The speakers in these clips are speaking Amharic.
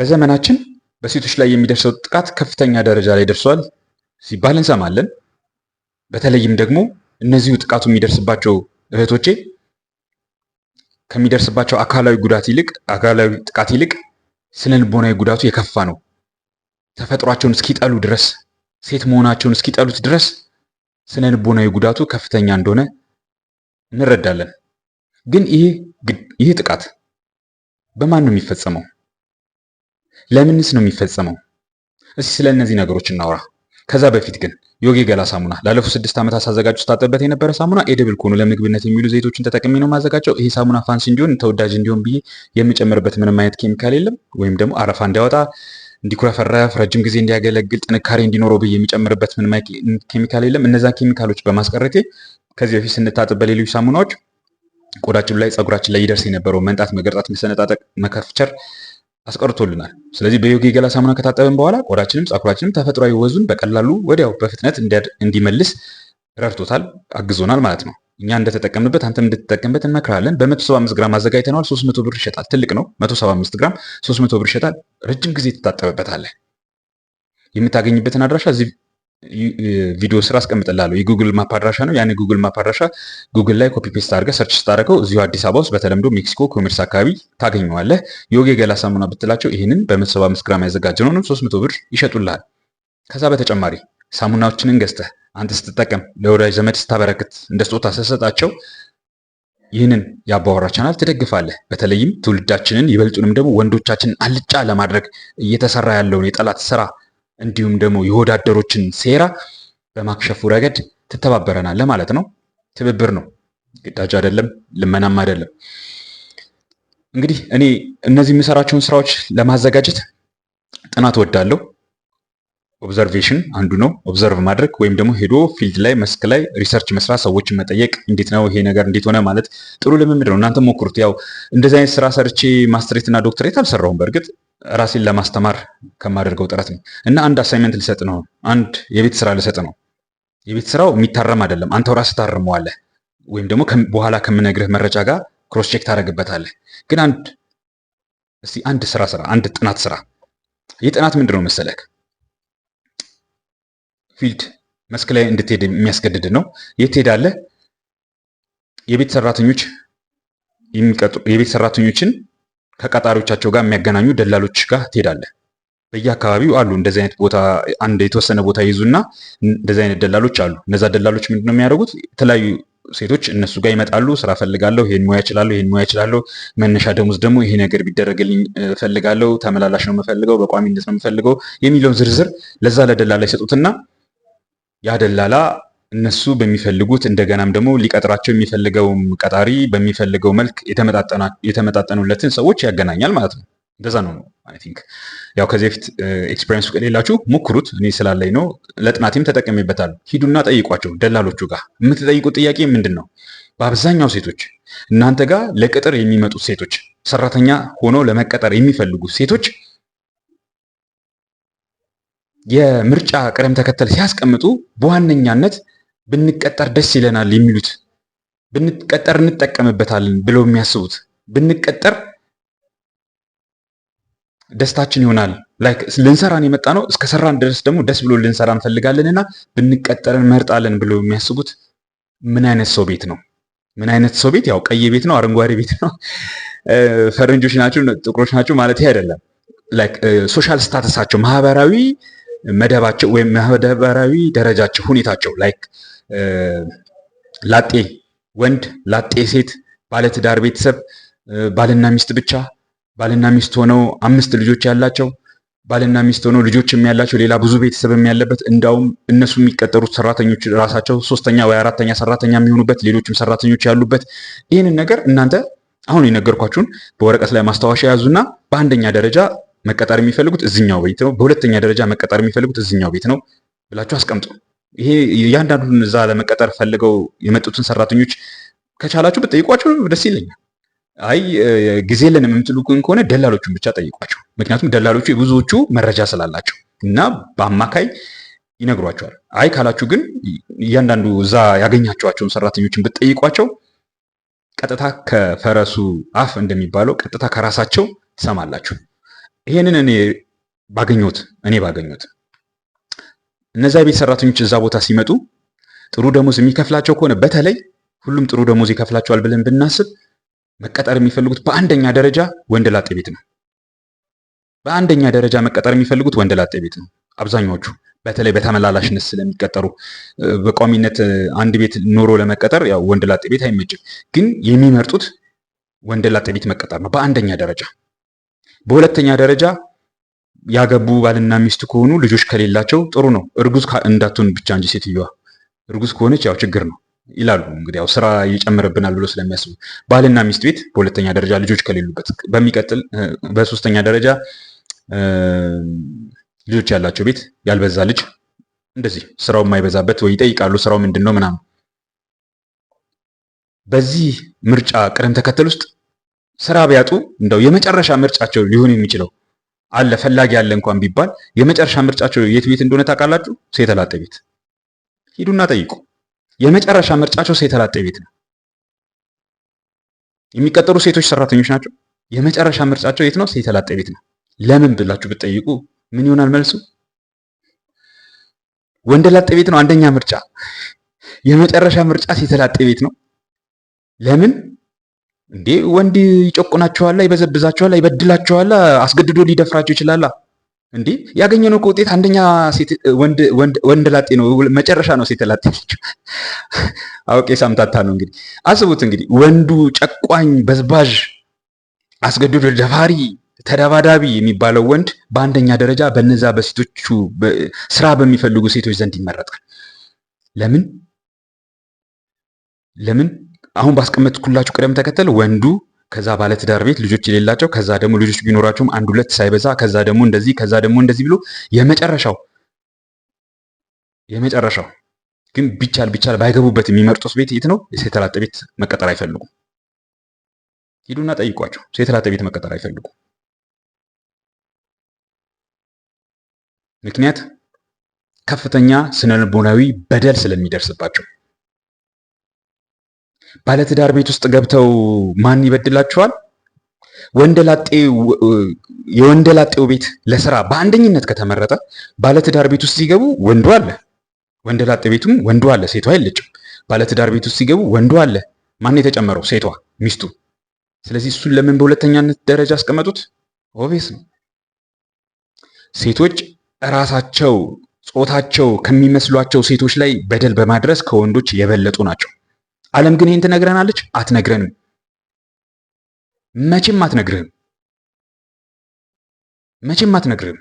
በዘመናችን በሴቶች ላይ የሚደርሰው ጥቃት ከፍተኛ ደረጃ ላይ ደርሷል ሲባል እንሰማለን። በተለይም ደግሞ እነዚሁ ጥቃቱ የሚደርስባቸው እህቶቼ ከሚደርስባቸው አካላዊ ጉዳት ይልቅ አካላዊ ጥቃት ይልቅ ስነ ልቦናዊ ጉዳቱ የከፋ ነው። ተፈጥሯቸውን እስኪጠሉ ድረስ ሴት መሆናቸውን እስኪጠሉት ድረስ ስነልቦናዊ ጉዳቱ ከፍተኛ እንደሆነ እንረዳለን። ግን ይህ ጥቃት በማን ነው የሚፈጸመው? ለምንስ ነው የሚፈጸመው? እስኪ ስለ እነዚህ ነገሮች እናውራ። ከዛ በፊት ግን ዮጊ ገላ ሳሙና ላለፉት ስድስት ዓመታት ሳዘጋጅ ስታጠብበት የነበረ ሳሙና ኤድብል ከሆኑ ለምግብነት የሚውሉ ዘይቶችን ተጠቅሜ ነው ማዘጋጀው። ይሄ ሳሙና ፋንስ እንዲሆን ተወዳጅ እንዲሆን ብዬ የምጨምርበት ምንም አይነት ኬሚካል የለም፣ ወይም ደግሞ አረፋ እንዲያወጣ እንዲኩረፈረፍ ረጅም ጊዜ እንዲያገለግል ጥንካሬ እንዲኖረው ብዬ የሚጨምርበት ምንም ኬሚካል የለም። እነዛ ኬሚካሎች በማስቀረቴ ከዚህ በፊት ስንታጥብ በሌሎች ሳሙናዎች ቆዳችን ላይ፣ ጸጉራችን ላይ ይደርስ የነበረው መንጣት፣ መገርጣት፣ መሰነጣጠቅ፣ መከፍቸር አስቀርቶልናል። ስለዚህ ገላ ሳሙና ከታጠብን በኋላ ቆዳችንም ፀጉራችንም ተፈጥሯዊ ወዙን በቀላሉ ወዲያው በፍጥነት እንዲመልስ ረድቶታል፣ አግዞናል ማለት ነው። እኛ እንደተጠቀምንበት አንተም እንደተጠቀምበት እንመክራለን። በ175 ግራም አዘጋጅተነዋል። 300 ብር ይሸጣል። ትልቅ ነው። 175 ግራም 300 ብር ይሸጣል። ረጅም ጊዜ ትታጠብበታለህ። የምታገኝበትን አድራሻ እዚህ ቪዲዮ ስራ አስቀምጥላለሁ። የጉግል ማፕ አድራሻ ነው። ያን ጉግል ማፕ አድራሻ ጉግል ላይ ኮፒ ፔስት አድርገህ ሰርች ስታደርገው እዚሁ አዲስ አበባ ውስጥ በተለምዶ ሜክሲኮ ኮሜርስ አካባቢ ታገኘዋለህ። የወጌ ገላ ሳሙና ብትላቸው ይህንን በ175 ግራም ያዘጋጀነው ነው 300 ብር ይሸጡልሃል። ከዛ በተጨማሪ ሳሙናዎችንን ገዝተህ አንተ ስትጠቀም ለወዳጅ ዘመድ ስታበረክት እንደ ስጦታ ስትሰጣቸው ይህንን የአባወራ ቻናል ትደግፋለህ። በተለይም ትውልዳችንን ይበልጡንም ደግሞ ወንዶቻችንን አልጫ ለማድረግ እየተሰራ ያለውን የጠላት ስራ እንዲሁም ደግሞ የወዳደሮችን ሴራ በማክሸፉ ረገድ ትተባበረናለህ ማለት ነው። ትብብር ነው፣ ግዳጅ አይደለም፣ ልመናም አይደለም። እንግዲህ እኔ እነዚህ የምሰራቸውን ስራዎች ለማዘጋጀት ጥናት ወዳለሁ ኦብዘርቬሽን አንዱ ነው። ኦብዘርቭ ማድረግ ወይም ደግሞ ሄዶ ፊልድ ላይ መስክ ላይ ሪሰርች መስራት፣ ሰዎችን መጠየቅ፣ እንዴት ነው ይሄ ነገር እንዴት ሆነ ማለት ጥሩ ልምምድ ነው። እናንተ ሞክሩት። ያው እንደዚህ አይነት ስራ ሰርቼ ማስትሬት እና ዶክትሬት አልሰራሁም በእርግጥ ራሴን ለማስተማር ከማደርገው ጥረት ነው እና አንድ አሳይመንት ልሰጥ ነው፣ አንድ የቤት ስራ ልሰጥ ነው። የቤት ስራው የሚታረም አይደለም። አንተው ራስህ ታርመዋለህ፣ ወይም ደግሞ በኋላ ከምነግርህ መረጃ ጋር ክሮስ ቼክ ታደርግበታለህ። ግን አንድ እስቲ አንድ ስራ ስራ፣ አንድ ጥናት ስራ። ይህ ጥናት ምንድን ነው መሰለክ? ፊልድ መስክ ላይ እንድትሄድ የሚያስገድድ ነው። የት ትሄዳለህ? የቤት ሰራተኞች የቤት ሰራተኞችን ከቀጣሪዎቻቸው ጋር የሚያገናኙ ደላሎች ጋር ትሄዳለህ። በየአካባቢው አሉ እንደዚህ አይነት ቦታ አንድ የተወሰነ ቦታ ይዙና እንደዚህ አይነት ደላሎች አሉ። እነዛ ደላሎች ምንድነው የሚያደርጉት? የተለያዩ ሴቶች እነሱ ጋር ይመጣሉ። ስራ ፈልጋለሁ፣ ይሄን ሙያ እችላለሁ፣ ይሄን ሙያ እችላለሁ፣ መነሻ ደሞዝ ደግሞ ይሄ ነገር ቢደረግልኝ ፈልጋለሁ፣ ተመላላሽ ነው የምፈልገው፣ በቋሚነት ነው የምፈልገው የሚለውን ዝርዝር ለዛ ለደላላ ይሰጡትና ያ ደላላ እነሱ በሚፈልጉት እንደገናም ደግሞ ሊቀጥራቸው የሚፈልገውም ቀጣሪ በሚፈልገው መልክ የተመጣጠኑለትን ሰዎች ያገናኛል ማለት ነው። እንደዛ ነው። አይ ቲንክ ያው ከዚህ በፊት ኤክስፔሪንሱ ከሌላችሁ ሞክሩት። እኔ ስላለኝ ነው፣ ለጥናቴም ተጠቀሚበታል። ሂዱና ጠይቋቸው ደላሎቹ ጋር። የምትጠይቁት ጥያቄ ምንድን ነው? በአብዛኛው ሴቶች እናንተ ጋር ለቅጥር የሚመጡት ሴቶች፣ ሰራተኛ ሆነው ለመቀጠር የሚፈልጉ ሴቶች የምርጫ ቅደም ተከተል ሲያስቀምጡ በዋነኛነት ብንቀጠር ደስ ይለናል የሚሉት ብንቀጠር እንጠቀምበታለን ብለው የሚያስቡት ብንቀጠር ደስታችን ይሆናል። ላይክ ልንሰራን የመጣ ነው እስከ ሰራን ድረስ ደግሞ ደስ ብሎ ልንሰራ እንፈልጋለን እና ብንቀጠር መርጣለን ብለው የሚያስቡት ምን አይነት ሰው ቤት ነው? ምን አይነት ሰው ቤት? ያው ቀይ ቤት ነው፣ አረንጓዴ ቤት ነው፣ eh ፈረንጆች ናቸው፣ ጥቁሮች ናቸው ማለት አይደለም። ላይክ ሶሻል ስታተሳቸው ማህበራዊ መደባቸው ወይም ማህበራዊ ደረጃቸው ሁኔታቸው ላይክ ላጤ ወንድ፣ ላጤ ሴት፣ ባለትዳር ቤተሰብ፣ ባልና ሚስት ብቻ፣ ባልና ሚስት ሆነው አምስት ልጆች ያላቸው፣ ባልና ሚስት ሆነው ልጆችም ያላቸው፣ ሌላ ብዙ ቤተሰብም ያለበት እንዳውም እነሱ የሚቀጠሩት ሰራተኞች ራሳቸው ሶስተኛ ወይ አራተኛ ሰራተኛ የሚሆኑበት ሌሎችም ሰራተኞች ያሉበት ይህንን ነገር እናንተ አሁን የነገርኳችሁን በወረቀት ላይ ማስታወሻ ያዙና በአንደኛ ደረጃ መቀጠር የሚፈልጉት እዚኛው ቤት ነው፣ በሁለተኛ ደረጃ መቀጠር የሚፈልጉት እዚኛው ቤት ነው ብላችሁ አስቀምጡ። ይሄ እያንዳንዱን እዛ ለመቀጠር ፈልገው የመጡትን ሰራተኞች ከቻላችሁ ብጠይቋቸው ደስ ይለኛል። አይ ጊዜ የለንም የምትሉ ከሆነ ደላሎቹን ብቻ ጠይቋቸው። ምክንያቱም ደላሎቹ የብዙዎቹ መረጃ ስላላቸው እና በአማካይ ይነግሯቸዋል። አይ ካላችሁ ግን እያንዳንዱ እዛ ያገኛቸዋቸውን ሰራተኞችን ብጠይቋቸው ቀጥታ ከፈረሱ አፍ እንደሚባለው ቀጥታ ከራሳቸው ትሰማላችሁ። ይሄንን እኔ ባገኘሁት እኔ ባገኘሁት እነዚያ የቤት ሰራተኞች እዛ ቦታ ሲመጡ ጥሩ ደሞዝ የሚከፍላቸው ከሆነ በተለይ ሁሉም ጥሩ ደሞዝ ይከፍላቸዋል ብለን ብናስብ መቀጠር የሚፈልጉት በአንደኛ ደረጃ ወንድ ላጤ ቤት ነው። በአንደኛ ደረጃ መቀጠር የሚፈልጉት ወንድ ላጤ ቤት ነው። አብዛኛዎቹ በተለይ በተመላላሽነት ስለሚቀጠሩ በቋሚነት አንድ ቤት ኖሮ ለመቀጠር ያው ወንድ ላጤ ቤት አይመችም፣ ግን የሚመርጡት ወንድ ላጤ ቤት መቀጠር ነው በአንደኛ ደረጃ። በሁለተኛ ደረጃ ያገቡ ባልና ሚስት ከሆኑ ልጆች ከሌላቸው ጥሩ ነው። እርጉዝ እንዳትሆን ብቻ እንጂ ሴትዮዋ እርጉዝ ከሆነች ያው ችግር ነው ይላሉ። እንግዲህ ያው ስራ ይጨምርብናል ብሎ ስለሚያስቡ ባልና ሚስት ቤት በሁለተኛ ደረጃ ልጆች ከሌሉበት፣ በሚቀጥል በሶስተኛ ደረጃ ልጆች ያላቸው ቤት ያልበዛ ልጅ እንደዚህ ስራው የማይበዛበት ወይ ይጠይቃሉ ስራው ምንድን ነው ምናምን። በዚህ ምርጫ ቅደም ተከተል ውስጥ ስራ ቢያጡ እንደው የመጨረሻ ምርጫቸው ሊሆን የሚችለው አለ ፈላጊ አለ እንኳን ቢባል የመጨረሻ ምርጫቸው የት ቤት እንደሆነ ታውቃላችሁ? ሴተላጤ ቤት። ሂዱና ጠይቁ። የመጨረሻ ምርጫቸው ሴተላጤ ቤት ነው። የሚቀጠሩ ሴቶች ሰራተኞች ናቸው። የመጨረሻ ምርጫቸው የት ነው? ሴተላጤ ቤት ነው። ለምን ብላችሁ ብትጠይቁ ምን ይሆናል መልሱ? ወንደላጤ ቤት ነው አንደኛ ምርጫ። የመጨረሻ ምርጫ ሴተላጤ ቤት ነው። ለምን? እንዴ ወንድ ይጨቁናቸዋላ፣ ይበዘብዛቸዋላ፣ ይበድላቸዋላ፣ አስገድዶ ሊደፍራቸው ይችላላ። እንዴ ያገኘነው ውጤት አንደኛ ወንድ ላጤ ነው፣ መጨረሻ ነው ሴት ላጤ ናቸው። አውቄ ሳምታታ ነው። እንግዲህ አስቡት እንግዲህ ወንዱ ጨቋኝ፣ በዝባዥ፣ አስገድዶ ደፋሪ፣ ተደባዳቢ የሚባለው ወንድ በአንደኛ ደረጃ በነዛ በሴቶቹ ስራ በሚፈልጉ ሴቶች ዘንድ ይመረጣል። ለምን ለምን አሁን ባስቀመጥኩላችሁ ቅደም ተከተል ወንዱ ከዛ ባለትዳር ቤት ልጆች የሌላቸው ከዛ ደግሞ ልጆች ቢኖራቸውም አንድ ሁለት ሳይበዛ ከዛ ደግሞ እንደዚህ ከዛ ደግሞ እንደዚህ ብሎ የመጨረሻው የመጨረሻው ግን ቢቻል ቢቻል ባይገቡበት የሚመርጡት ቤት የት ነው? የሴት ቤት መቀጠር አይፈልጉም። ሂዱና ጠይቋቸው። ሴተላጠ ቤት መቀጠር አይፈልጉም። ምክንያት ከፍተኛ ስነልቦናዊ በደል ስለሚደርስባቸው ባለትዳር ቤት ውስጥ ገብተው ማን ይበድላቸዋል? የወንደላጤው ቤት ለስራ በአንደኝነት ከተመረጠ ባለትዳር ቤት ውስጥ ሲገቡ ወንዱ አለ፣ ወንደላጤ ቤቱም ወንዱ አለ፣ ሴቷ የለችም። ባለትዳር ቤት ውስጥ ሲገቡ ወንዱ አለ፣ ማን የተጨመረው? ሴቷ ሚስቱ። ስለዚህ እሱን ለምን በሁለተኛነት ደረጃ አስቀመጡት? ኦቤስ ነው። ሴቶች ራሳቸው ጾታቸው ከሚመስሏቸው ሴቶች ላይ በደል በማድረስ ከወንዶች የበለጡ ናቸው። ዓለም ግን ይህን ትነግረናለች? አትነግረንም። መቼም አትነግርህም። መቼም አትነግርህም።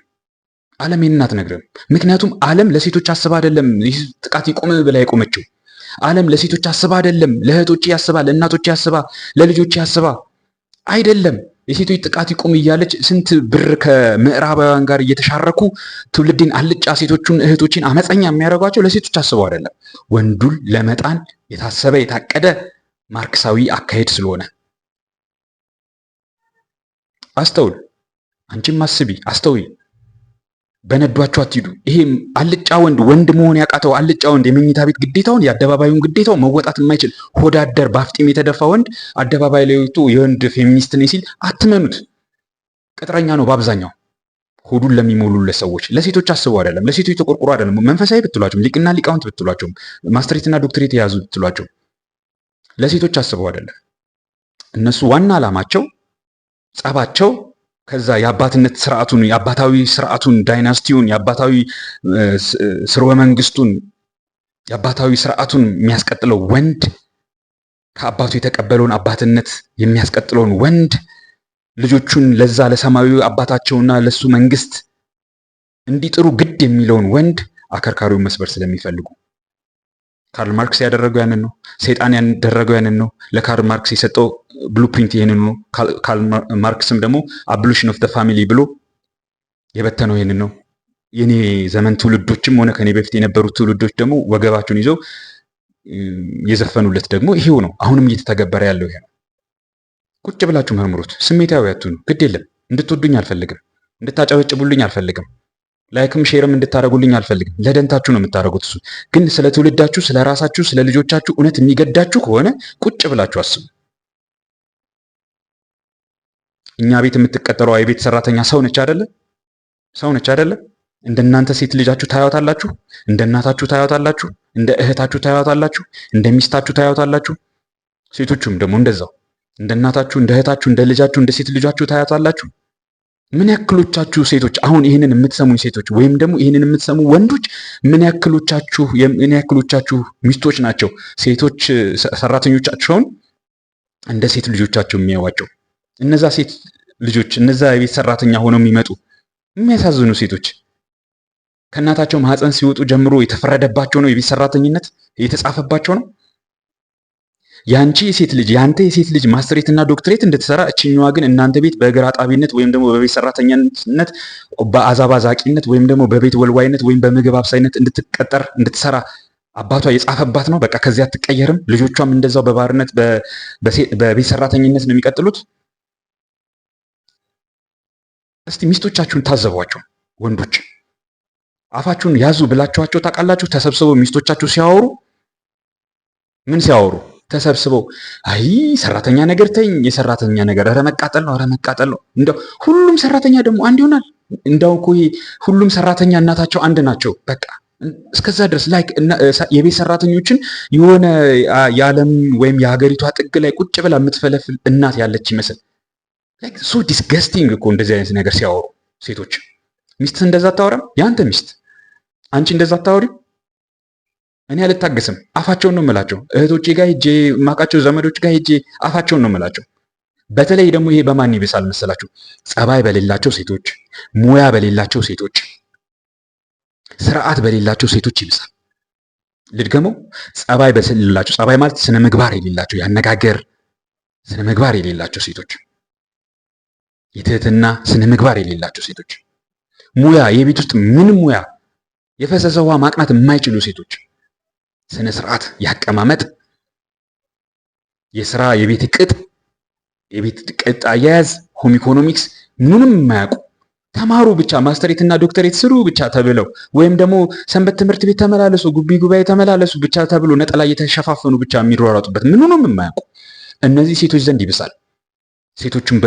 ዓለም ይህንን አትነግርህም። ምክንያቱም ዓለም ለሴቶች አስባ አይደለም ይህ ጥቃት ይቁም ብላ የቆመችው። ዓለም ለሴቶች አስባ አይደለም፣ ለእህቶች ያስባ፣ ለእናቶች ያስባ፣ ለልጆች ያስባ አይደለም የሴቶች ጥቃት ይቁም እያለች ስንት ብር ከምዕራባውያን ጋር እየተሻረኩ ትውልድን አልጫ ሴቶቹን እህቶችን አመፀኛ የሚያደርጓቸው ለሴቶች አስበው አይደለም፣ ወንዱን ለመጣን የታሰበ የታቀደ ማርክሳዊ አካሄድ ስለሆነ አስተውል። አንቺም አስቢ፣ አስተውይ። በነዷቸው አትሂዱ። ይሄ አልጫ ወንድ ወንድ መሆን ያቃተው አልጫ ወንድ የመኝታ ቤት ግዴታውን የአደባባዩን ግዴታው መወጣት የማይችል ሆዳደር በአፍጢም የተደፋ ወንድ አደባባይ ላይ ወጥቶ የወንድ ፌሚኒስት ነኝ ሲል አትመኑት። ቅጥረኛ ነው በአብዛኛው ሆዱን ለሚሞሉለት ሰዎች። ለሴቶች አስቡ አይደለም፣ ለሴቶች ተቆርቁሮ አይደለም። መንፈሳዊ ብትሏቸውም፣ ሊቅና ሊቃውንት ብትሏቸውም፣ ማስትሬትና ዶክትሬት የያዙ ብትሏቸው፣ ለሴቶች አስበው አይደለም። እነሱ ዋና ዓላማቸው ጸባቸው ከዛ የአባትነት ስርዓቱን የአባታዊ ስርዓቱን ዳይናስቲውን የአባታዊ ስርወ መንግስቱን የአባታዊ ስርዓቱን የሚያስቀጥለው ወንድ ከአባቱ የተቀበለውን አባትነት የሚያስቀጥለውን ወንድ ልጆቹን ለዛ ለሰማያዊ አባታቸውና ለሱ መንግስት እንዲጥሩ ግድ የሚለውን ወንድ አከርካሪውን መስበር ስለሚፈልጉ ካርል ማርክስ ያደረገው ያንን ነው። ሰይጣን ያደረገው ያንን ነው። ለካርል ማርክስ የሰጠው ብሉፕሪንት ይህንን ነው። ካርል ማርክስም ደግሞ አብሉሽን ኦፍ ደ ፋሚሊ ብሎ የበተነው ይህንን ነው። የኔ ዘመን ትውልዶችም ሆነ ከኔ በፊት የነበሩት ትውልዶች ደግሞ ወገባቸውን ይዘው የዘፈኑለት ደግሞ ይሄው ነው። አሁንም እየተተገበረ ያለው ይሄ ነው። ቁጭ ብላችሁ መርምሩት። ስሜታዊ አትሁኑ። ግድ የለም እንድትወዱኝ አልፈልግም። እንድታጨበጭቡልኝ አልፈልግም። ላይክም ሼርም እንድታደርጉልኝ አልፈልግም። ለደንታችሁ ነው የምታደርጉት። እሱ ግን ስለ ትውልዳችሁ፣ ስለ ራሳችሁ፣ ስለ ልጆቻችሁ እውነት የሚገዳችሁ ከሆነ ቁጭ ብላችሁ አስቡ። እኛ ቤት የምትቀጠረው የቤት ሰራተኛ ሰው ነች አደለ? ሰው ነች አደለ? እንደ ሴት ልጃችሁ ታያወታላችሁ? እንደ እናታችሁ ታያወታላችሁ? እንደ እህታችሁ ታያወታላችሁ? እንደ ሚስታችሁ ታያወታላችሁ? ሴቶቹም ደግሞ እንደዛው እንደ እናታችሁ፣ እንደ እህታችሁ፣ እንደ ልጃችሁ፣ እንደ ሴት ልጃችሁ ታያታላችሁ። ምን ያክሎቻችሁ ሴቶች አሁን ይህንን የምትሰሙኝ ሴቶች ወይም ደግሞ ይህንን የምትሰሙ ወንዶች ምን ያክሎቻችሁ ምን ያክሎቻችሁ ሚስቶች ናቸው ሴቶች ሰራተኞቻቸውን እንደ ሴት ልጆቻቸው የሚያዋቸው? እነዛ ሴት ልጆች እነዛ የቤት ሰራተኛ ሆነው የሚመጡ የሚያሳዝኑ ሴቶች ከእናታቸው ማህፀን ሲወጡ ጀምሮ የተፈረደባቸው ነው የቤት ሰራተኝነት የተጻፈባቸው ነው። ያንቺ የሴት ልጅ ያንተ የሴት ልጅ እና ዶክትሬት እንድትሰራ እችኛዋ ግን እናንተ ቤት በእግር አጣቢነት ወይም ደግሞ በቤት ሰራተኛነት በአዛባ ወይም ደግሞ በቤት ወልዋይነት ወይም በምግብ አብሳይነት እንድትቀጠር እንድትሰራ አባቷ የጻፈባት ነው። በቃ ከዚያ አትቀየርም። ልጆቿም እንደዛው በባርነት በቤት ሰራተኝነት ነው የሚቀጥሉት። እስቲ ሚስቶቻችሁን ታዘቧቸው ወንዶች አፋችሁን ያዙ ብላችኋቸው ታውቃላችሁ? ተሰብስበው ሚስቶቻችሁ ሲያወሩ ምን ሲያወሩ ተሰብስበው አይ ሰራተኛ ነገር ተኝ፣ የሰራተኛ ነገር ኧረ መቃጠል ነው፣ ኧረ መቃጠል ነው። እንደው ሁሉም ሰራተኛ ደግሞ አንድ ይሆናል። እንደው እኮ ሁሉም ሰራተኛ እናታቸው አንድ ናቸው። በቃ እስከዛ ድረስ ላይክ የቤት ሰራተኞችን የሆነ የዓለም ወይም የሀገሪቷ ጥግ ላይ ቁጭ ብላ የምትፈለፍል እናት ያለች ይመስል ሶ ዲስገስቲንግ እኮ እንደዚህ አይነት ነገር ሲያወሩ ሴቶች። ሚስት እንደዛ አታወራም? የአንተ ሚስት አንቺ እንደዛ አታወሪም? እኔ አልታገስም። አፋቸውን ነው የምላቸው። እህቶቼ ጋር ሄጄ ማቃቸው ዘመዶች ጋር ሄጄ አፋቸውን ነው የምላቸው። በተለይ ደግሞ ይሄ በማን ይብሳል መሰላችሁ? ጸባይ በሌላቸው ሴቶች፣ ሙያ በሌላቸው ሴቶች፣ ስርዓት በሌላቸው ሴቶች ይብሳል። ልድገመው። ጸባይ በሌላቸው ጸባይ ማለት ስነ ምግባር የሌላቸው ያነጋገር ስነ ምግባር የሌላቸው ሴቶች፣ የትህትና ስነ ምግባር የሌላቸው ሴቶች፣ ሙያ የቤት ውስጥ ምንም ሙያ የፈሰሰ ውሃ ማቅናት የማይችሉ ሴቶች ስነ ስርዓት፣ የአቀማመጥ፣ የስራ የቤት እቅድ፣ የቤት እቅድ አያያዝ፣ ሆም ኢኮኖሚክስ ምንም የማያውቁ ተማሩ ብቻ ማስተሬትና ዶክተሬት ስሩ ብቻ ተብለው ወይም ደግሞ ሰንበት ትምህርት ቤት ተመላለሱ፣ ጉቢ ጉባኤ ተመላለሱ ብቻ ተብሎ ነጠላ እየተሸፋፈኑ ብቻ የሚሯሯጡበት ምንም የማያውቁ እነዚህ ሴቶች ዘንድ ይብሳል። ሴቶችን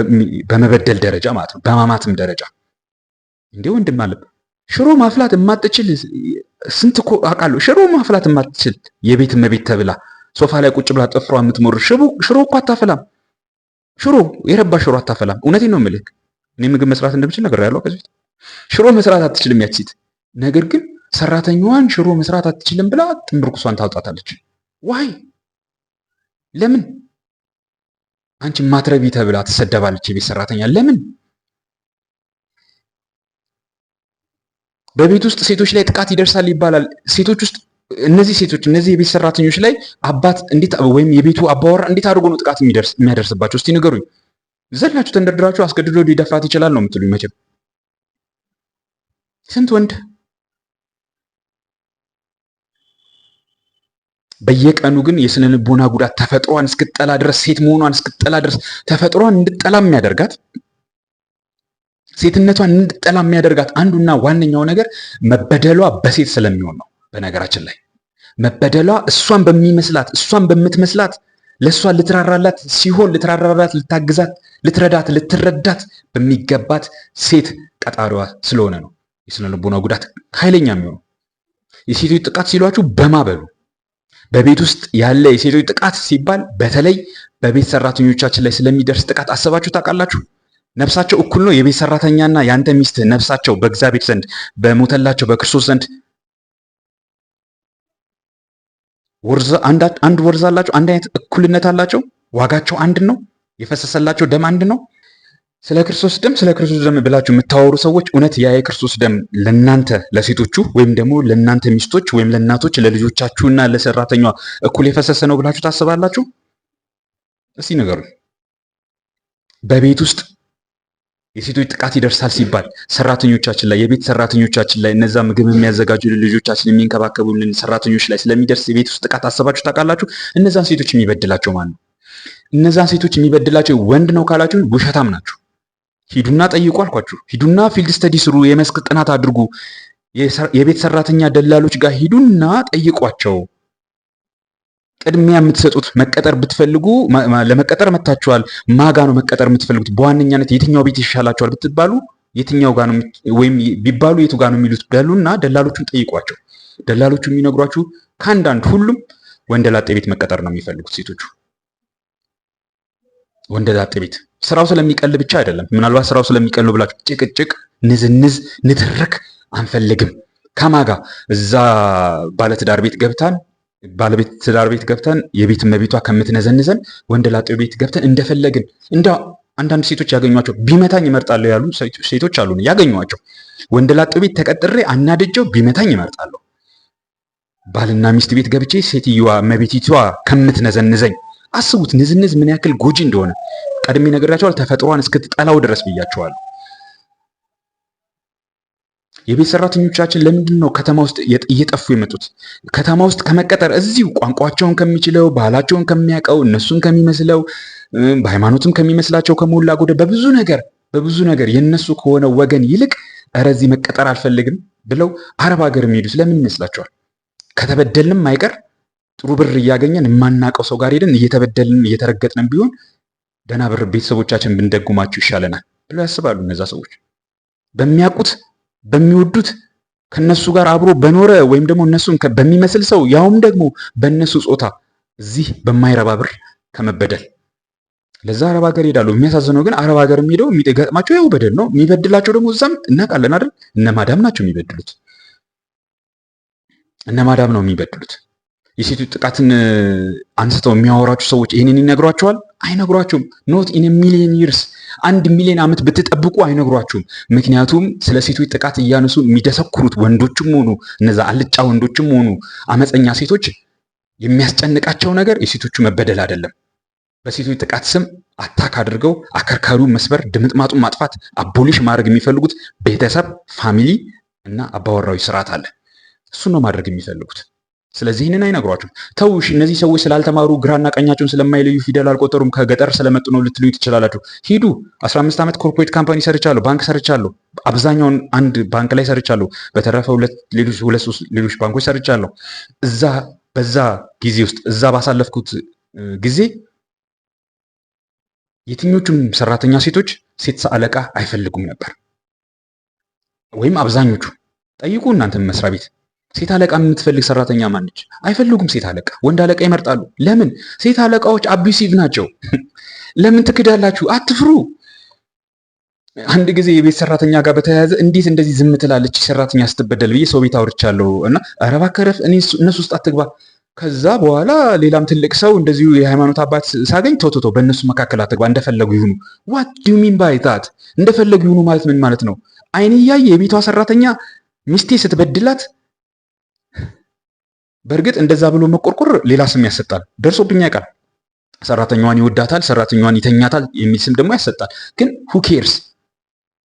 በመበደል ደረጃ ማለት ነው፣ በማማትም ደረጃ እንዲህ ወንድም አለብን ሽሮ ማፍላት የማትችል ስንት እኮ አውቃለሁ። ሽሮ ማፍላት የማትችል የቤት እመቤት ተብላ ሶፋ ላይ ቁጭ ብላ ጥፍሯ የምትሞር ሽሮ እኮ አታፈላም። ሽሮ የረባ ሽሮ አታፈላም። እውነቴን ነው የምልህ። እኔ ምግብ መስራት እንደምችል ነገር ያለው ከዚህ ሽሮ መስራት አትችልም ያች ሴት። ነገር ግን ሰራተኛዋን ሽሮ መስራት አትችልም ብላ ጥንብርኩሷን ታውጣታለች። ዋይ ለምን አንቺ ማትረቢ ተብላ ትሰደባለች የቤት ሰራተኛ ለምን? በቤት ውስጥ ሴቶች ላይ ጥቃት ይደርሳል ይባላል። ሴቶች ውስጥ እነዚህ ሴቶች እነዚህ የቤት ሰራተኞች ላይ አባት እንዴት ወይም የቤቱ አባወራ እንዴት አድርጎ ነው ጥቃት የሚያደርስባቸው? እስቲ ንገሩኝ። ዘላችሁ ተንደርድራችሁ አስገድዶ ሊደፍራት ይችላል ነው የምትሉኝ? መቼም ስንት ወንድ በየቀኑ ግን የስነ ልቦና ጉዳት ተፈጥሯን እስክጠላ ድረስ ሴት መሆኗን እስክጠላ ድረስ ተፈጥሯን እንድጠላ የሚያደርጋት ሴትነቷን እንድጠላ የሚያደርጋት አንዱና ዋነኛው ነገር መበደሏ በሴት ስለሚሆን ነው። በነገራችን ላይ መበደሏ እሷን በሚመስላት እሷን በምትመስላት ለእሷ ልትራራላት ሲሆን ልትራራላት፣ ልታግዛት፣ ልትረዳት፣ ልትረዳት በሚገባት ሴት ቀጣሪዋ ስለሆነ ነው የስነ ልቦና ጉዳት ኃይለኛ የሚሆኑ የሴቶች ጥቃት ሲሏችሁ በማበሉ በቤት ውስጥ ያለ የሴቶች ጥቃት ሲባል በተለይ በቤት ሰራተኞቻችን ላይ ስለሚደርስ ጥቃት አስባችሁ ታውቃላችሁ? ነፍሳቸው እኩል ነው። የቤት ሰራተኛና የአንተ ሚስት ነፍሳቸው በእግዚአብሔር ዘንድ በሞተላቸው በክርስቶስ ዘንድ አንድ ወርዝ አላቸው። አንድ አይነት እኩልነት አላቸው። ዋጋቸው አንድ ነው። የፈሰሰላቸው ደም አንድ ነው። ስለ ክርስቶስ ደም ስለ ክርስቶስ ደም ብላችሁ የምታወሩ ሰዎች እውነት ያ የክርስቶስ ደም ለእናንተ ለሴቶቹ ወይም ደግሞ ለእናንተ ሚስቶች ወይም ለእናቶች ለልጆቻችሁና ለሰራተኛ እኩል የፈሰሰ ነው ብላችሁ ታስባላችሁ? እስቲ ንገሩኝ። በቤት ውስጥ የሴቶች ጥቃት ይደርሳል ሲባል ሰራተኞቻችን ላይ የቤት ሰራተኞቻችን ላይ እነዛ ምግብ የሚያዘጋጁልን ልጆቻችን የሚንከባከቡልን ሰራተኞች ላይ ስለሚደርስ የቤት ውስጥ ጥቃት አስባችሁ ታውቃላችሁ? እነዛን ሴቶች የሚበድላቸው ማን ነው? እነዛን ሴቶች የሚበድላቸው ወንድ ነው ካላችሁ ውሸታም ናችሁ። ሂዱና ጠይቁ አልኳችሁ። ሂዱና ፊልድ ስተዲ ስሩ፣ የመስክ ጥናት አድርጉ። የቤት ሰራተኛ ደላሎች ጋር ሂዱና ጠይቋቸው። ቅድሚያ የምትሰጡት መቀጠር ብትፈልጉ ለመቀጠር መታችኋል። ማጋ ነው መቀጠር የምትፈልጉት በዋነኛነት የትኛው ቤት ይሻላችኋል ብትባሉ የትኛው ጋ ወይም ቢባሉ የቱ ጋ ነው የሚሉት በሉና ደላሎቹን ጠይቋቸው። ደላሎቹ የሚነግሯችሁ ከአንዳንድ ሁሉም ወንደላጤ ቤት መቀጠር ነው የሚፈልጉት ሴቶቹ። ወንደላጤ ቤት ስራው ስለሚቀል ብቻ አይደለም። ምናልባት ስራው ስለሚቀል ብላችሁ ጭቅጭቅ፣ ንዝንዝ፣ ንትርክ አንፈልግም። ከማጋ እዛ ባለትዳር ቤት ገብታን ባለቤት ትዳር ቤት ገብተን የቤት እመቤቷ ከምትነዘንዘን ወንድ ላጤው ቤት ገብተን እንደፈለግን እንደ አንዳንድ ሴቶች ያገኟቸው ቢመታኝ እመርጣለሁ ያሉ ሴቶች አሉ። ያገኟቸው ወንድ ላጤው ቤት ተቀጥሬ አናድጀው ቢመታኝ እመርጣለሁ። ባልና ሚስት ቤት ገብቼ ሴትዮዋ መቤቲቷ ከምትነዘንዘኝ አስቡት፣ ንዝንዝ ምን ያክል ጎጂ እንደሆነ ቀድሜ ነግሬያቸዋል። ተፈጥሯን እስክትጠላው ድረስ ብያቸዋለሁ። የቤት ሰራተኞቻችን ለምንድን ነው ከተማ ውስጥ እየጠፉ የመጡት? ከተማ ውስጥ ከመቀጠር እዚሁ ቋንቋቸውን ከሚችለው ባህላቸውን ከሚያውቀው እነሱን ከሚመስለው በሃይማኖትም ከሚመስላቸው ከሞላ ጎደ በብዙ ነገር በብዙ ነገር የነሱ ከሆነ ወገን ይልቅ እረ እዚህ መቀጠር አልፈልግም ብለው አረብ ሀገር የሚሄዱት ለምን ይመስላቸዋል? ከተበደልንም አይቀር ጥሩ ብር እያገኘን የማናውቀው ሰው ጋር ሄደን እየተበደልን እየተረገጥንም ቢሆን ደህና ብር ቤተሰቦቻችን ብንደጉማቸው ይሻለናል ብለው ያስባሉ እነዛ ሰዎች በሚያውቁት በሚወዱት ከነሱ ጋር አብሮ በኖረ ወይም ደግሞ እነሱን በሚመስል ሰው ያውም ደግሞ በእነሱ ጾታ እዚህ በማይረባ ብር ከመበደል ለዛ አረብ ሀገር ይሄዳሉ። የሚያሳዝነው ግን አረብ ሀገር የሚሄደው የሚገጥማቸው ያው በደል ነው። የሚበድላቸው ደግሞ እዛም እናውቃለን አይደል? እነ ማዳም ናቸው የሚበድሉት፣ እነ ማዳም ነው የሚበድሉት። የሴቶች ጥቃትን አንስተው የሚያወራቸው ሰዎች ይህንን ይነግሯቸዋል። አይነግሯችሁም። ኖት ኢን ሚሊየን ይርስ አንድ ሚሊዮን ዓመት ብትጠብቁ አይነግሯችሁም። ምክንያቱም ስለ ሴቶች ጥቃት እያነሱ የሚደሰኩሩት ወንዶችም ሆኑ እነዛ አልጫ ወንዶችም ሆኑ አመፀኛ ሴቶች የሚያስጨንቃቸው ነገር የሴቶቹ መበደል አይደለም። በሴቶች ጥቃት ስም አታክ አድርገው አከርካሪው መስበር፣ ድምጥማጡን ማጥፋት፣ አቦሊሽ ማድረግ የሚፈልጉት ቤተሰብ ፋሚሊ እና አባወራዊ ስርዓት አለ። እሱን ነው ማድረግ የሚፈልጉት። ስለዚህ ይህንን አይነግሯችሁም። ተውሽ፣ እነዚህ ሰዎች ስላልተማሩ ግራና ቀኛቸውን ስለማይለዩ ፊደል አልቆጠሩም ከገጠር ስለመጡ ነው ልትሉ ትችላላችሁ። ሂዱ። 15 ዓመት ኮርፖሬት ካምፓኒ ሰርቻለሁ፣ ባንክ ሰርቻለሁ። አብዛኛውን አንድ ባንክ ላይ ሰርቻለሁ። በተረፈ ሁለት ሁለት ሶስት ሌሎች ባንኮች ሰርቻለሁ። እዛ በዛ ጊዜ ውስጥ እዛ ባሳለፍኩት ጊዜ የትኞቹም ሰራተኛ ሴቶች ሴት አለቃ አይፈልጉም ነበር፣ ወይም አብዛኞቹ። ጠይቁ እናንተም መስሪያ ቤት ሴት አለቃ የምትፈልግ ሰራተኛ ማነች? አይፈልጉም። ሴት አለቃ ወንድ አለቃ ይመርጣሉ። ለምን? ሴት አለቃዎች አቢሲቭ ናቸው። ለምን ትክዳላችሁ? አትፍሩ። አንድ ጊዜ የቤት ሰራተኛ ጋር በተያያዘ እንዴት እንደዚህ ዝም ትላለች ሰራተኛ ስትበደል ብዬ ሰው ቤት አውርቻለሁ እና ኧረ እባክህ ረፍ እነሱ ውስጥ አትግባ። ከዛ በኋላ ሌላም ትልቅ ሰው እንደዚሁ የሃይማኖት አባት ሳገኝ ቶቶቶ በእነሱ መካከል አትግባ፣ እንደፈለጉ ይሁኑ። ዋት ዱ ሚን ባይ ታት? እንደፈለጉ ይሁኑ ማለት ምን ማለት ነው? አይን እያየ የቤቷ ሰራተኛ ሚስቴ ስትበድላት በእርግጥ እንደዛ ብሎ መቆርቆር ሌላ ስም ያሰጣል። ደርሶብኛ ቃል ሰራተኛዋን ይወዳታል፣ ሰራተኛዋን ይተኛታል የሚል ስም ደግሞ ያሰጣል። ግን ሁ ኬርስ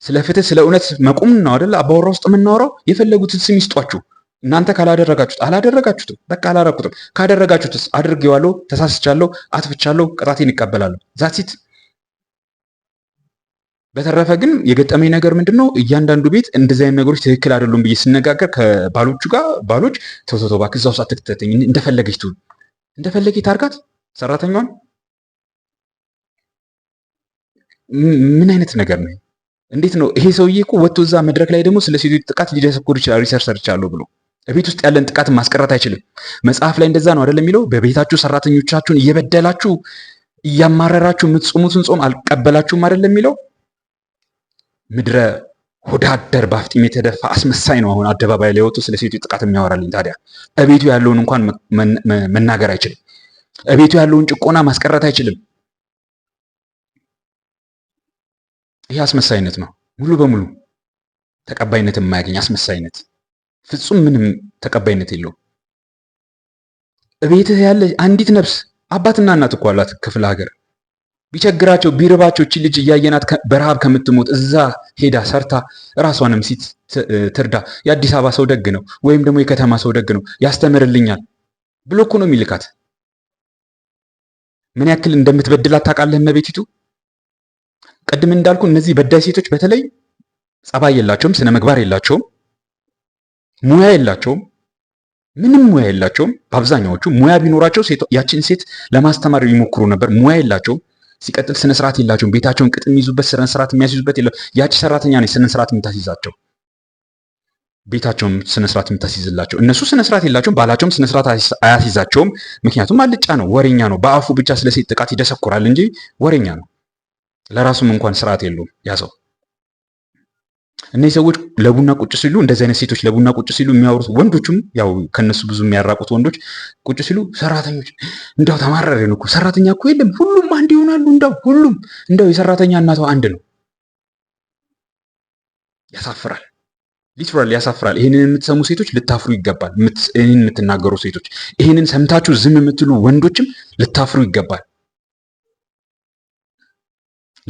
ስለ ፍትህ ስለ እውነት መቆም ነው አደለ? አባወራ ውስጥ የምናወራው የፈለጉትን ስም ይስጧችሁ። እናንተ ካላደረጋችሁት አላደረጋችሁትም፣ በቃ አላረኩትም። ካደረጋችሁትስ አድርጌዋለሁ፣ ተሳስቻለሁ፣ አጥፍቻለሁ፣ ቅጣቴን ይቀበላለሁ። ዛሲት በተረፈ ግን የገጠመኝ ነገር ምንድን ነው? እያንዳንዱ ቤት እንደዚህ አይነት ነገሮች ትክክል አይደሉም ብዬ ስነጋገር ከባሎቹ ጋር ባሎች ተውሰቶ እባክህ እዛው ሳትከተተኝ እንደፈለገች ትሁን እንደፈለገች ታርጋት ሰራተኛዋን ምን አይነት ነገር ነው? እንዴት ነው ይሄ ሰውዬ እኮ ወጥቶ እዛ መድረክ ላይ ደግሞ ስለ ሴቶች ጥቃት ሊደሰኩር ይችላል ሪሰርች ሰርቻለሁ ብሎ ቤት ውስጥ ያለን ጥቃት ማስቀረት አይችልም። መጽሐፍ ላይ እንደዛ ነው አይደለም የሚለው በቤታችሁ ሰራተኞቻችሁን እየበደላችሁ እያማረራችሁ የምትጾሙትን ጾም አልቀበላችሁም አይደለም የሚለው ምድረ ሆዳደር በአፍጢም የተደፋ አስመሳይ ነው። አሁን አደባባይ ላይ ወጥቶ ስለ ሴቶች ጥቃት የሚያወራልኝ ታዲያ እቤቱ ያለውን እንኳን መናገር አይችልም። እቤቱ ያለውን ጭቆና ማስቀረት አይችልም። ይህ አስመሳይነት ነው። ሙሉ በሙሉ ተቀባይነት የማያገኝ አስመሳይነት፣ ፍጹም ምንም ተቀባይነት የለውም። እቤትህ ያለ አንዲት ነፍስ አባትና እናት እኮ አላት ክፍለ ሀገር ቢቸግራቸው ቢርባቸው እቺ ልጅ እያየናት በረሃብ ከምትሞት እዛ ሄዳ ሰርታ ራሷንም ሲት ትርዳ። የአዲስ አበባ ሰው ደግ ነው፣ ወይም ደግሞ የከተማ ሰው ደግ ነው፣ ያስተምርልኛል ብሎ እኮ ነው የሚልካት። ምን ያክል እንደምትበድላት ታውቃለህ እመቤቲቱ። ቅድም እንዳልኩ እነዚህ በዳይ ሴቶች በተለይ ጸባይ የላቸውም፣ ስነ ምግባር የላቸውም፣ ሙያ የላቸውም፣ ምንም ሙያ የላቸውም። በአብዛኛዎቹ ሙያ ቢኖራቸው ያችን ሴት ለማስተማር ይሞክሩ ነበር። ሙያ የላቸውም። ሲቀጥል ስነስርዓት የላቸውም። ቤታቸውን ቅጥ የሚይዙበት ስርዓት የሚያስይዙበት የለ። ያቺ ሰራተኛ ነች ስነስርዓት የምታስይዛቸው ቤታቸውም ስነስርዓት የምታስይዝላቸው። እነሱ ስርዓት የላቸውም። ባላቸውም ስነስርዓት አያስይዛቸውም። ምክንያቱም አልጫ ነው፣ ወሬኛ ነው። በአፉ ብቻ ስለሴት ጥቃት ይደሰኩራል እንጂ ወሬኛ ነው። ለራሱም እንኳን ስርዓት የለውም ያ ሰው። እነዚህ ሰዎች ለቡና ቁጭ ሲሉ እንደዚህ አይነት ሴቶች ለቡና ቁጭ ሲሉ የሚያወሩት ወንዶቹም ያው ከነሱ ብዙ የሚያራቁት ወንዶች ቁጭ ሲሉ ሰራተኞች እንዳው ተማረረ ነው እኮ ሰራተኛ እኮ የለም ሁሉም አንድ ይሆናሉ። እንዳው ሁሉም እንዳው የሰራተኛ እናቷ አንድ ነው። ያሳፍራል። ሊትራል ያሳፍራል። ይህንን የምትሰሙ ሴቶች ልታፍሩ ይገባል። ይህንን የምትናገሩ ሴቶች፣ ይህንን ሰምታችሁ ዝም የምትሉ ወንዶችም ልታፍሩ ይገባል።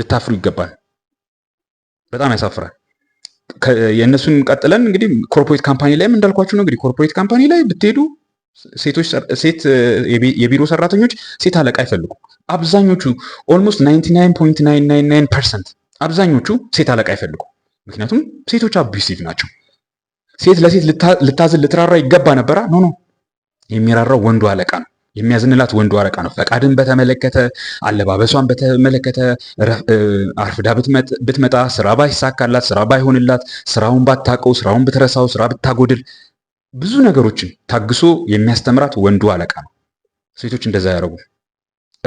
ልታፍሩ ይገባል። በጣም ያሳፍራል። የእነሱን ቀጥለን እንግዲህ ኮርፖሬት ካምፓኒ ላይም እንዳልኳችሁ ነው። እንግዲህ ኮርፖሬት ካምፓኒ ላይ ብትሄዱ ሴቶች ሴት የቢሮ ሰራተኞች ሴት አለቃ አይፈልጉ። አብዛኞቹ ኦልሞስት 99.999 ፐርሰንት አብዛኞቹ ሴት አለቃ አይፈልጉ። ምክንያቱም ሴቶች አቢሲቭ ናቸው። ሴት ለሴት ልታዝን ልትራራ ይገባ ነበራ። ኖ ኖ የሚራራው ወንዱ አለቃ ነው። የሚያዝንላት ወንዱ አረቃ ነው። ፈቃድን በተመለከተ አለባበሷን በተመለከተ አርፍዳ ብትመጣ ስራ ባይሳካላት፣ ስራ ባይሆንላት፣ ስራውን ባታቀው፣ ስራውን ብትረሳው፣ ስራ ብታጎድል፣ ብዙ ነገሮችን ታግሶ የሚያስተምራት ወንዱ አለቃ ነው። ሴቶች እንደዛ ያደረጉ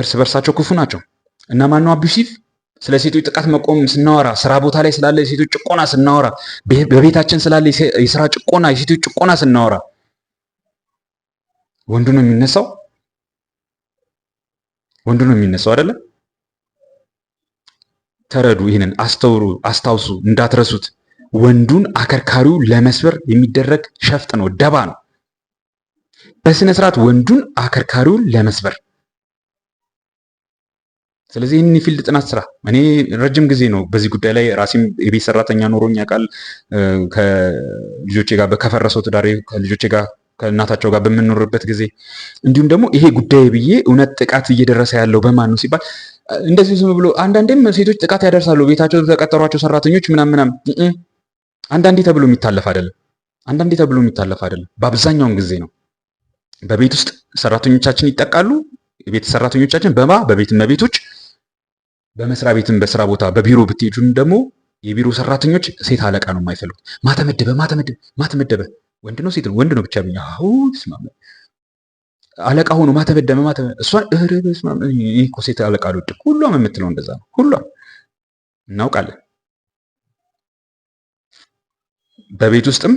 እርስ በርሳቸው ክፉ ናቸው እና ማን ነው አቢሲቭ? ስለ ሴቶች ጥቃት መቆም ስናወራ፣ ስራ ቦታ ላይ ስላለ የሴቶች ጭቆና ስናወራ፣ በቤታችን ስላለ የስራ ጭቆና፣ የሴቶች ጭቆና ስናወራ ወንዱ ነው የሚነሳው። ወንዱ ነው የሚነሳው አይደለ? ተረዱ፣ ይህንን አስተውሩ፣ አስታውሱ፣ እንዳትረሱት። ወንዱን አከርካሪው ለመስበር የሚደረግ ሸፍጥ ነው፣ ደባ ነው። በስነ ስርዓት ወንዱን አከርካሪውን ለመስበር ስለዚህ ይህን የፊልድ ጥናት ስራ። እኔ ረጅም ጊዜ ነው በዚህ ጉዳይ ላይ ራሴም የቤት ሰራተኛ ኖሮኝ ያውቃል። ከልጆቼ ጋር በከፈረሰው ትዳሬ ከልጆቼ ጋር ከእናታቸው ጋር በምንኖርበት ጊዜ እንዲሁም ደግሞ ይሄ ጉዳይ ብዬ እውነት ጥቃት እየደረሰ ያለው በማን ነው ሲባል እንደዚህ ዝም ብሎ አንዳንዴም ሴቶች ጥቃት ያደርሳሉ። ቤታቸው ተቀጠሯቸው ሰራተኞች ምናምናም አንዳንዴ ተብሎ የሚታለፍ አይደለም። አንዳንዴ ተብሎ የሚታለፍ አይደለም። በአብዛኛውን ጊዜ ነው። በቤት ውስጥ ሰራተኞቻችን ይጠቃሉ። የቤት ሰራተኞቻችን በማ በቤት እመቤቶች፣ በመስሪያ ቤትም፣ በስራ ቦታ፣ በቢሮ ብትሄዱም ደግሞ የቢሮ ሰራተኞች ሴት አለቃ ነው የማይፈልጉት። ማተመደበ ማተመደበ ማተመደበ ወንድ ነው ሴት ነው ወንድ ነው ብቻ ብኛ ስማም አለቃ ሆኖ ማተበደመ ማተበ እሷን እህር ስማም ይህ ሴት አለቃ አልወድም። ሁሏም የምትለው እንደዛ ነው። ሁሏም እናውቃለን። በቤት ውስጥም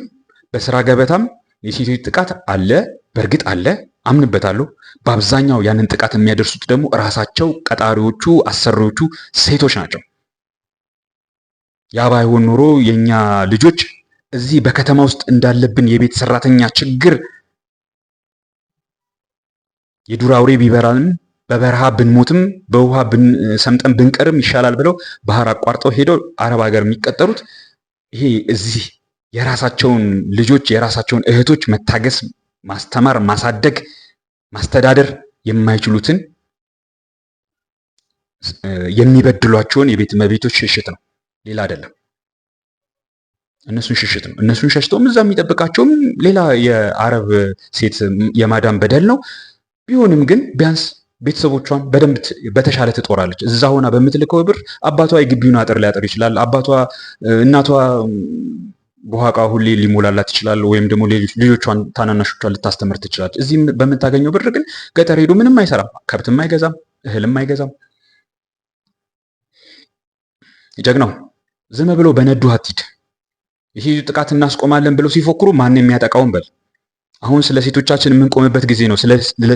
በስራ ገበታም የሴቶች ጥቃት አለ። በእርግጥ አለ፣ አምንበታለሁ። በአብዛኛው ያንን ጥቃት የሚያደርሱት ደግሞ እራሳቸው ቀጣሪዎቹ፣ አሰሪዎቹ ሴቶች ናቸው። ያ ባይሆን ኖሮ የእኛ ልጆች እዚህ በከተማ ውስጥ እንዳለብን የቤት ሰራተኛ ችግር የዱር አውሬ ቢበራንም በበረሃ ብንሞትም በውሃ ሰምጠን ብንቀርም ይሻላል ብለው ባህር አቋርጠው ሄደው አረብ ሀገር የሚቀጠሩት ይሄ እዚህ የራሳቸውን ልጆች የራሳቸውን እህቶች መታገስ፣ ማስተማር፣ ማሳደግ፣ ማስተዳደር የማይችሉትን የሚበድሏቸውን የቤት እመቤቶች ሽሽት ነው፣ ሌላ አይደለም። እነሱን ሽሽት ነው። እነሱን ሸሽተውም እዛ የሚጠብቃቸውም ሌላ የአረብ ሴት የማዳም በደል ነው። ቢሆንም ግን ቢያንስ ቤተሰቦቿን በደንብ በተሻለ ትጦራለች። እዛ ሆና በምትልከው ብር አባቷ የግቢውን አጥር ሊያጥር ይችላል። አባቷ እናቷ በኋቃ ሁሌ ሊሞላላት ይችላል። ወይም ደግሞ ልጆቿን ታናናሾቿን ልታስተምር ትችላለች። እዚህ በምታገኘው ብር ግን ገጠር ሄዶ ምንም አይሰራም፣ ከብትም አይገዛም፣ እህልም አይገዛም። ጀግናው ዝም ብሎ በነዱ አትሂድ። የሴቶች ጥቃት እናስቆማለን ብለው ሲፎክሩ ማን የሚያጠቃውን በል። አሁን ስለ ሴቶቻችን የምንቆምበት ጊዜ ነው።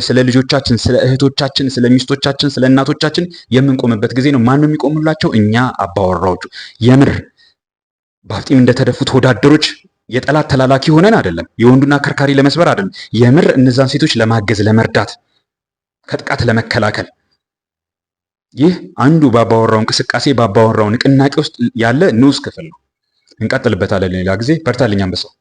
ስለ ልጆቻችን፣ ስለ እህቶቻችን፣ ስለ ሚስቶቻችን፣ ስለ እናቶቻችን የምንቆምበት ጊዜ ነው። ማን ነው የሚቆምላቸው? እኛ አባወራዎቹ። የምር ባፍጢም እንደተደፉት ወዳደሮች የጠላት ተላላኪ ሆነን አይደለም፣ የወንዱን አከርካሪ ለመስበር አይደለም። የምር እነዛን ሴቶች ለማገዝ ለመርዳት፣ ከጥቃት ለመከላከል ይህ አንዱ በአባወራው እንቅስቃሴ በአባወራው ንቅናቄ ውስጥ ያለ ንዑስ ክፍል ነው። እንቀጥልበታለን ሌላ ጊዜ። በርታልኝ አንበሳው።